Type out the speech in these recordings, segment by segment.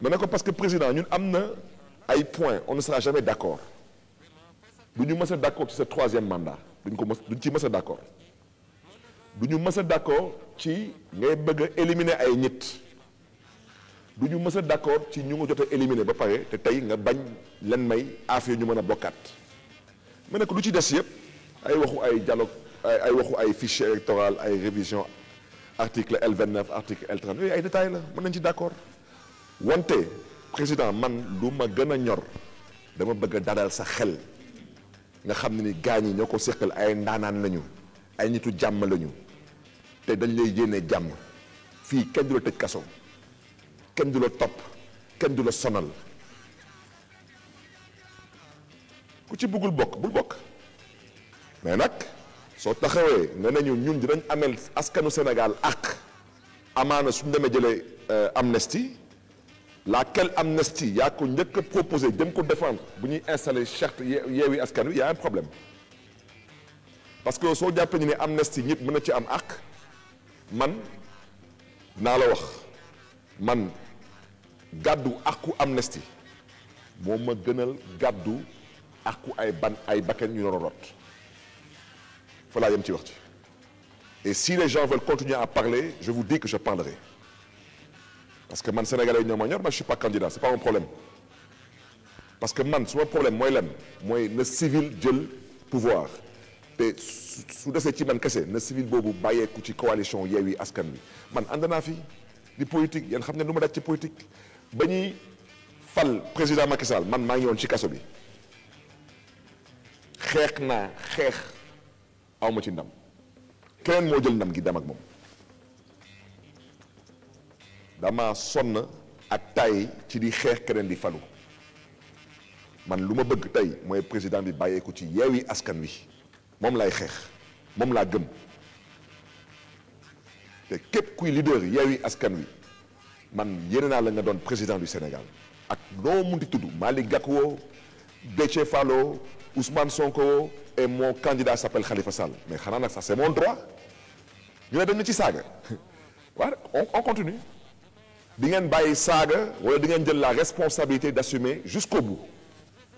ma parce que président ñun am na ay points on ne sera jamais d'accord. Nous ne d'accord pas d'accord sur ce troisième mandat duñ ko mës duñ ci mës a d' accord d'accord ci ngay bëgg éliminer ay nit du ñu mës a ci ñu éliminer ba pare te tey nga bañ leen may affaire ñu mën a bokkaat ma ne ko lu ci des yëpp ay waxu ay dialogue ay waxu ay électoral ay révision article L29 article L30 Il ay détails la détails. Nous ci d'accord. wante président man lu ma gën a ñor dama bëgg a dalal sa xel nga xam ne ni gaañ yi ñoo ko séqal ay ndaanaan lañu ay nitu jàmm lañu te dañ lay yéene jàmm fii kenn du la tëj kaso kenn du la topp kenn du la sonal ku ci buggul bokk bul bokk mais nag soo taxawee nga ne ñu ñun dinañ amel askanu Sénégal ak amaana suñu demee jëlee euh, amnistie laquelle amnistie a ko njëkk a proposé jëm ko défendre bu ñuy installé charte yeewi askan wi y' a un problème parce que soo jàppee ñu une amnistie ñëpp mën ci am àq man naa wax man gàddu aku amnistie moo ma gënal aku àqu ay ban ay bakken ñu rot fa et si les gens veulent continuer à parler je vous dis que je parlerai parce que man sénégalais yi ñoo ma ñor man je suis pas candidat c'est pas un problème parce que man suma problème mooy lan mooy na civil jël pouvoir te su desee ci man kese na civil boobu bàyyeeku ci coalition Yewwi Askan Wi man ànd naa fi les politiques, yéen xam ne nu ma daj ci politique ba ñuy fal président Macky Sall man maa ngi woon ci kaso bi xeex naa xeex awma ci ndam keneen moo jël ndam gi dem ak moom dama a ak tay ci di di suis man luma bëgg président bi la ci Je askan wi mom lay gëm leader askan wi man la nga président du Sénégal ak Ousmane Sonko et mon candidat s'appelle Khalifa Sall mais c'est mon droit on continue di ngeen bàyyi wala di jël la responsabilité d'assumer jusqu'au bout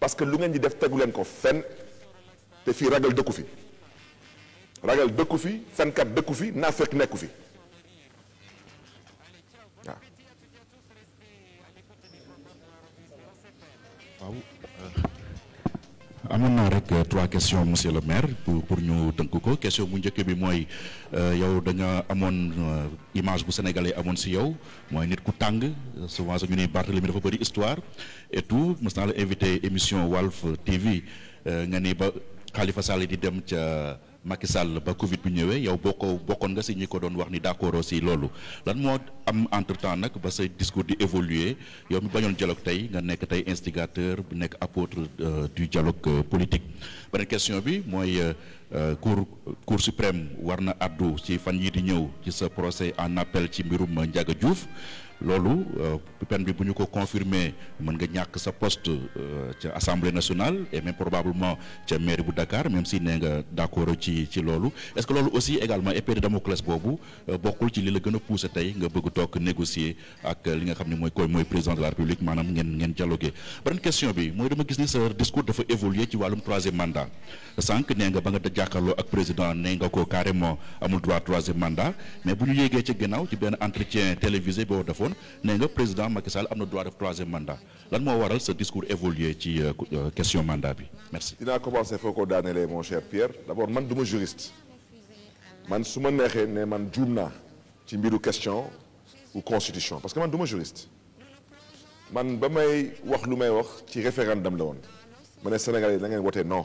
parce que lu ngeen di def tegu ko fen te fi ragal dëkku fi ragal dëkku fi kat dëkku fi naa fekk nekku fi amana rek eh, trois questions monsieur le maire pour pour ñu dënk ko question bu ñëkke bi moy eh, yow da nga amone eh, image bu sénégalais amone ci yow moy nit ku tang souvent ñu ni Barthélemy dafa bari histoire et tout mo sta invité émission Walf TV nga ni ba Khalifa Sall di dem ci Macky Sall ba Covid bi ñëwee yow boo ko bokkoon nga si ñi ko doon wax ni d'accord aussi loolu lan moo am entre nag ba say discours di évoluer yow mi bañoon dialogue tey nga nekk tey instigateur bu nekk apôtre euh, du dialogue euh, politique beneen question bi mooy. Euh, cour eh, cour suprême warna addu ci fan yi di ñew ci ce procès en appel ci mbirum njaga diouf lolu eh, pen bi buñu ko confirmer mën nga ñak sa poste eh, ci assemblée nationale et même probablement ci maire bu dakar même si né nga d'accord ci ci lolu est ce que lolu aussi également épée de damoclès bobu bokul ci li la gëna pousser tay nga bëgg tok négocier ak li nga xamni moy koy moy président de la république manam ngeen ngeen dialoguer bren question bi moy dama gis ni sa discours dafa évoluer ci walum troisième mandat sank né nga ba nga jàkkaarloo ak président ne nga ko carrément amul droit troisième mandat mais buñu yégué ci gënaaw ci benn entretien télévisé bo defone ne nga président Macky Sall am na droit def troisième mandat lan mo waral ce discours évolué ci euh, euh, question mandat bi merci. a commencé foo ko les mon cher Pierre d'abord man duma juriste man suma nexé né man djumna ci mbiru question ou constitution parce que man duma juriste man bamay wax lu may wax ci référendum la won mané sénégalais la ngeen non.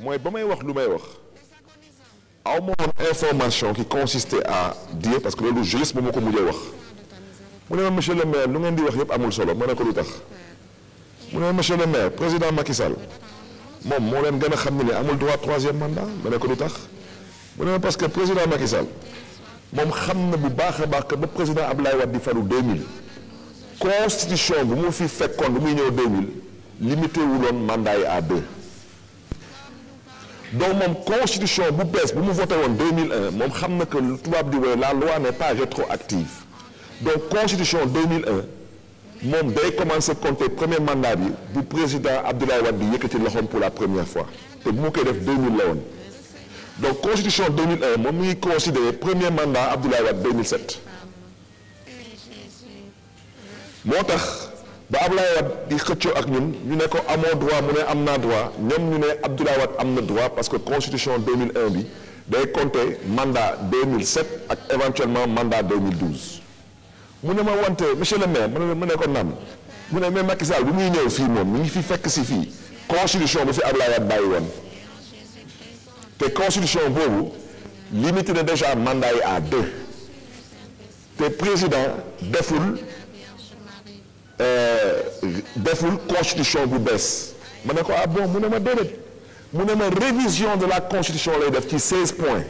mooy ba may wax lu may wax aw ma woon information qui consistait à dire parce que le juriste moom moo ko mujjee wax mu monsieur le maire lu ngeen di wax yëpp amul solo ma ne ko lu monsieur le maire président Macky Sall moom moo leen gën a xam ne amul droit troisième mandat Je ne ko lu tax parce que président Macky Sall moom xam na bu que ba président Abdoulaye Wade di falu 2000 constitution bu mu fi fekkoon bu muy ñëw 2000 limité wuloon mandat à deux donc mon constitution vous pensez bu en en 2001 je sais que la loi n'est pas rétroactive donc constitution 2001 moom commence à compter premier mandat du président Abdoulaye qui qui était pour la première fois Et mon donc constitution 2001 mon mu le premier mandat Abdoulaye 2007 ba Abdoulaye ak ñun ñu droit mu droit droit parce que constitution 2001 bi day compter mandat 2007 et éventuellement mandat 2012. mu ne ma monsieur le maire mu ne ko nam mu ne Macky Sall constitution bu fi Abdoulaye Wade bàyyi constitution boobu limité déjà mandat à deux président Euh, deful constitution bu bees ma ne ko ah bon mu ne ma déedéet mu ne ma révision de la constitution lay def ci 16 points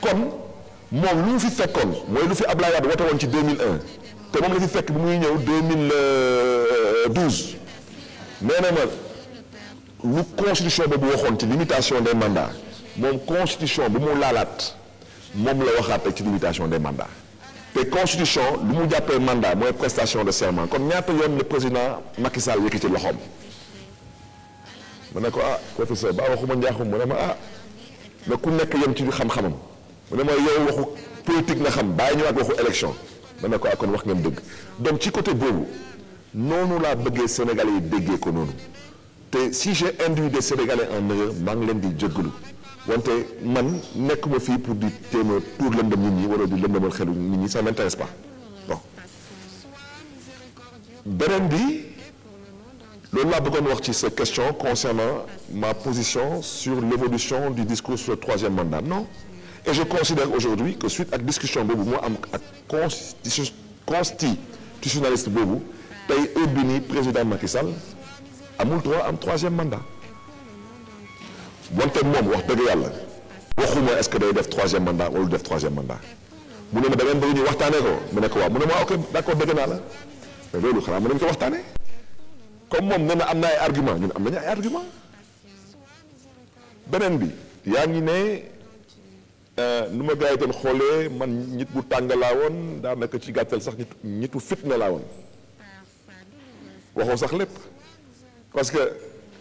kon moom lu mu fi fekkoon mooy lu fi Ablaye Wade wote woon ci 2001 te moom la fi fekk bi muy ñëw 2012 nee na ma lu constitution boobu waxoon ci limitation des manda moom constitution bu mu laalaat moom la waxaat rek ci limitation des manda la constitution le mandat prestation de serment comme le président Macky Sall ne ko ah professeur ba waxuma je ne ma ah ne ku nekk yem ci xam-xamam je ne sais yow waxu politique je xam élection ne sais ah, pas donc côté Sénégalais si j'ai induit des Sénégalais en erreur leen wante man nekkuma fii pour di téema tuur lëndëm nit ñi wala di lëndëmal xelu nit ñi ça m'intéresse pas bon beneen bi loolu laa bëggoon wax ci sa question concernant ma position sur l'évolution du discours sur le troisième mandat non et je considère aujourd'hui que suite la discussion boobu moo am ak constitutionnaliste boobu tey heure bi ni président Macky Sall amul droit am troisième mandat wante moom wax dëgg yàlla waxuma est-ce que day def troisième mandat wala def troisième mandat mu ne ma da ngeen bëgg ñu waxtaanee ko mu ne ko waaw mu ne ma ok d'accord dëgg naa la mais loolu xanaa mën nañu ko waxtaanee comme moom nee am na ay argument ñun am nañu ay argument beneen bi yaa ngi ne euh, nu ma gars yi doon xoolee man nit bu tàng laa woon daanaka ci gàttal sax nit nitu fitna laa woon ah, waxoo sax lépp parce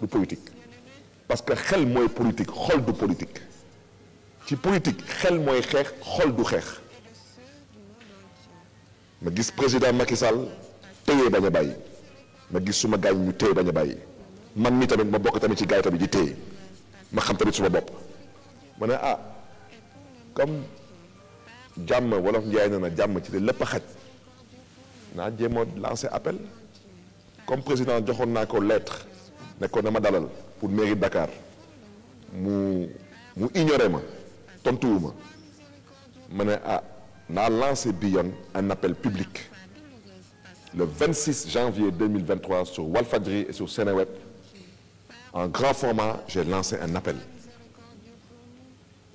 du politique parce que xel moy politique xol du politique ci politique xel moy xex, xol du xex. ma gis président Macky Sall téye bañ a ma gis suma gaañ ñu téye baña a man mi tamit ma bokk tamit ci gaañ tamit di téye ma xam tamit suma bopp ma ne ah comme jàmm wolof ñay na na ci lepp a xaj naa jéemoo lancé appel comme président joxon naa ko lettre nekkoon na ma dalal pour mairie Dakar mu mu ignoré ma tontuwu ma ne ah, lancé un appel public le 26 janvier 2023 sur Walfadri et sur Sénéweb en grand format j'ai lancé un appel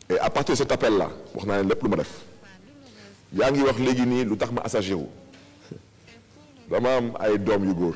et à partir de cet appel là pour naa leen lépp lu ma def yaa ngi wax léegi nii lu tax ma assagiru dama am ay doom yu góor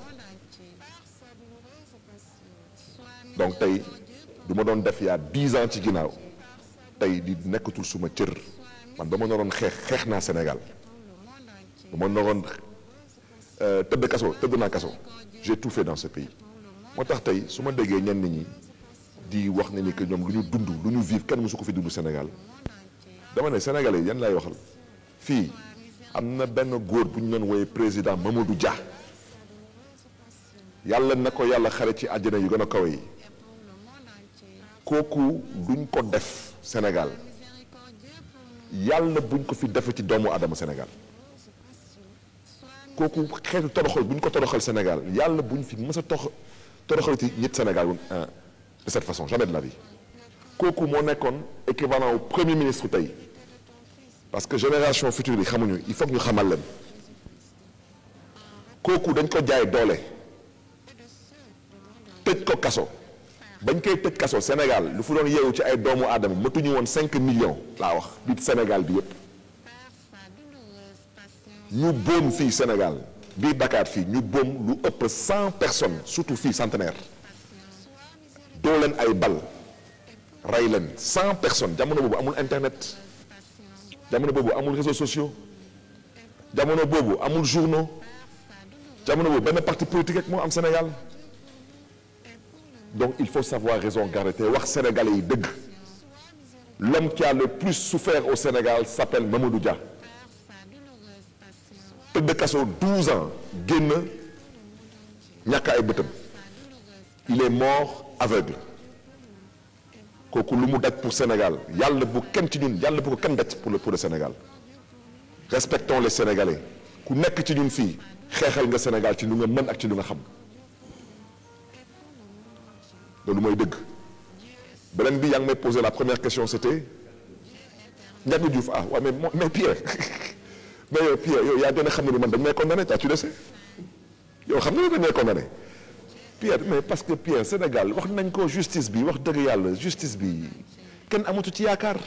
donc tay, du ma doon def yaa dix ans ci ginnaaw tey di nekkatul suma cër man ba ma naroon xeex xeex naa Sénégal ba ma naroon euh, tëdd kaso tëdd naa j'ai tout fait dans ce pays moo tax tey su ma déggee ñenn ñi di wax ne ni que ñoom lu ñu dund lu ñu vivre kenn mësu fi dund Senegal. dama ne Sénégalais yan laay waxal fii am na benn góor bu ñu doon président Mamadou Dia Yalla nako yalla yàlla xare ci àjjana yu gën a kooku duñ ko def Sénégal yàlla buñ ko fi defee ci doomu Adama Sénégal kooku xeetu toroxal buñ ko toroxal Sénégal yàlla buñ fi mës tox toroxal ci ñit Sénégal euh, de cette façon jamais de la vie kooku moo nekkoon équivalent au premier ministre tey parce que génération future yi xamuñu il faut ñu xamal leen kooku dañ ko jaay doole tëj ko kaso bañ koy tëj kasso Sénégal lu fu doon yewu ci ay doomu aadama matuñu won 5 millions la wax bi Sénégal bi yépp ñu boom fii Sénégal bi Dakar fii ñu boom lu ëpp 100 personnes surtout fii centenaire doo leen ay bal ray leen 100 personnes jamono boobu amul internet jamono boobu amul réseaux sociaux jamono boobu amul journaux jamono boobu benn parti politique rek moo am Sénégal donc il faut savoir raison garder tey wax sénégalais yi l'homme qui a le plus souffert au Sénégal s'appelle Mamoudou Dia De Kasso, 12 ans génn Nyaka ay il est mort aveugle kooku lu mu daj pour Sénégal yàlla bu kenn pour le Sénégal respectons les Sénégalais ku nekk ci ñun fii xeexal nga Sénégal ci lu nga mën ak loolu mooy dëgg beneen bi yaa posé la première question c'était Ndiaga Diouf ah mais mais Pierre mais yow Pierre il yaa doon xam ne man dañ condamné tu le sais Yo, xam nga ne dañ may condamné Pierre mais parce que Pierre Sénégal wax nañ ko justice bi wax dëgg yàlla justice bi kenn amatu ci yaakaar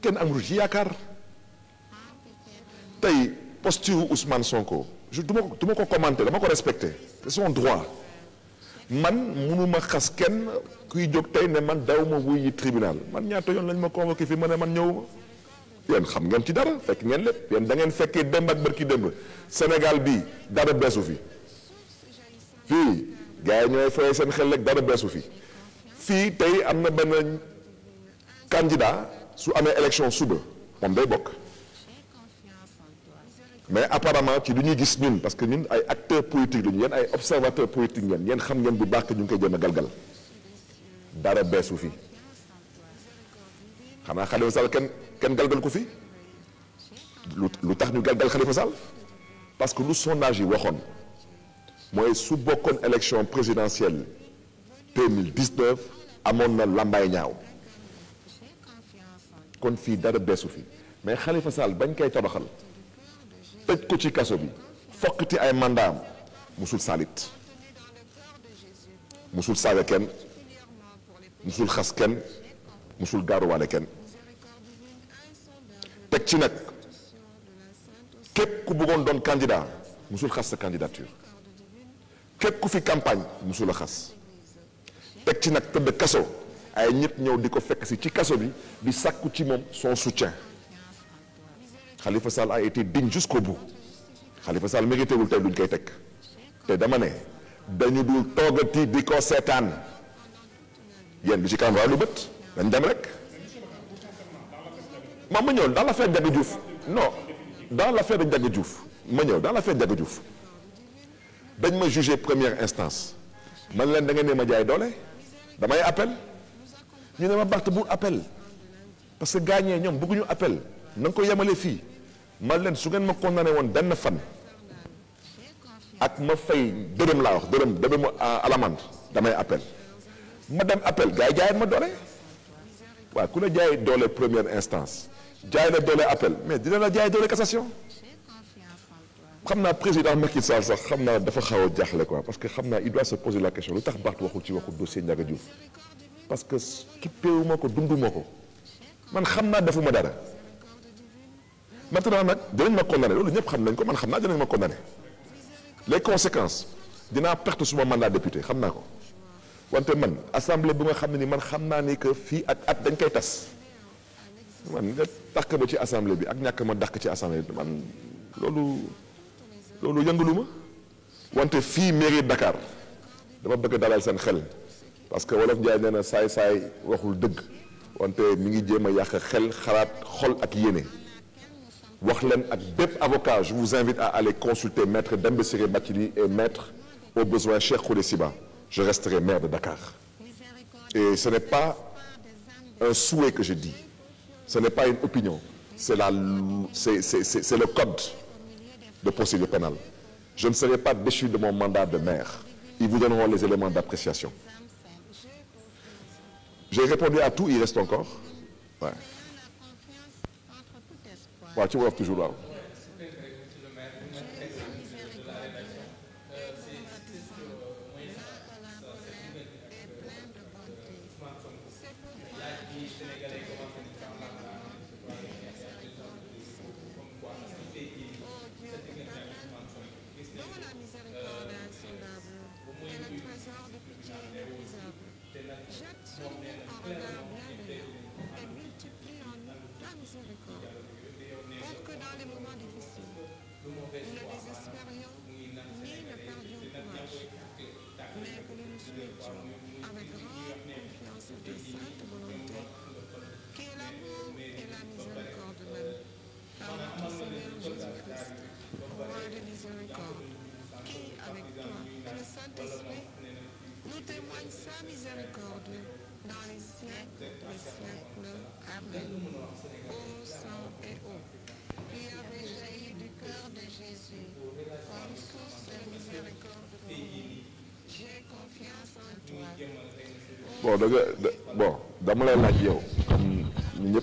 kenn amatu ci yaakaar tey posture Ousmane Sonko je du ma ko commenter, ma ko commenté dama ko c'est son droit. man munuma xas kenn kuy jóg tey ne man daw ma wuy tribunal man ñaata yoon lañ ma convoqué fii ma ne man ñëwuma yéen xam ngeen ci dara fekk ngeen lépp yéen da ngeen fekkee démb ak bërki démb Sénégal bi dara beesu fi fii gars yi ñooy fay seen xel rek dara beesu fi fii tey am na benn candidat su amee élection suba moom day bokk mais apparemment ci du ñuy gis ñun parce que ñun ay acteurs politiques lañu yéen ay observateurs politiques ngeen yéen xam ngeen bu baax que ñu ngi koy jéem galgal dara beesu fi xanaa Khalifa Sall kenn kenn galgal ko fi lu tax ñu galgal Khalifa Sall parce que lu sondage yi waxoon mooy su bokkoon élection présidentielle 2019 amoon na làmbaay ñaaw kon fii dara beesu fi mais Khalifa Sall bañ koy tabaxal tëj ko ci kaso bi fokkati ay mandaam musul saalit musul saaga kenn musul xas kenn musul gaaruwaale kenn teg ci nag képp ku bëggoon candidat musul Khas sa candidature képp ku fi campagne musul Khas. xas teg ci Kasso. tëdd kaso ay ñëpp ñëw di ko fekk si ci kaso bi di sàkku ci moom son soutien Khalifa Sall a été digne jusqu'au bout Khalifa Sall mérite wul tey luñ koy teg te dama ne dañu dul toogati di ko seetaan yéen lu ci kan lu bët dañ dem rek. ma ma ñëw dans l'affaire Ndiaga Diouf non dans l'affaire de Diouf ma ñëw dans l'affaire Ndiaga Diouf dañ ma jugé première instance man leen da nga ne ma jaay doole damay appel ñu ne ma bu appel parce que ñom bëggu ñu appel nang ko yamale fi ma leen su ngeen ma condamné won ben fan ak ma fay deureum la wax deureum dërëmu euh, à l'amende damay appel ma dem appel gay jaay ma doole wa ku jaay doole première instance jaay na doole appel mais dina la jaay doole cassation xamna président Macky Sall sax xam dafa xaw jaxlé quoi parce que xamna il doit se poser la question lu tax Barth waxul ci waxu dossier Ndiaga Diouf parce que kippéewu ma ko dundu ma man xamna dafuma dara. maintenant nag dinañ ma condamné loolu ñëpp xam nañ ko man xam naa dinañ ma condamné les conséquences dina perte suma mandat député xam naa ko wante man assemblée bu nga xam ni man xam naa ni que fi ak at dañ koy tass man nga dàq ba ci assemblée bi ak ñak ma dàq ci assemblée bi man lolu lolu yëngalu wante fi mairie Dakar dama bëgg dalal sen xel parce que wolof jaay neena say say waxul deug wante mi ngi jema yak xel xalat xol ak yene avocat je vous invite à aller consulter maître Dembesiré Batini et maître au besoin cher je resterai maire de Dakar et ce n'est pas un souhait que je dis ce n'est pas une opinion c'est le code de procédure pénale je ne serai pas déchu de mon mandat de maire ils vous donneront les éléments d'appréciation j'ai répondu à tout il reste encore Partiu o Elfo do Jural. âme, ô sang et eau, qui avait jailli du cœur de Jésus comme source de miséricorde pour J'ai confiance en toi. Bon, dama lay laaj yow. Hmm,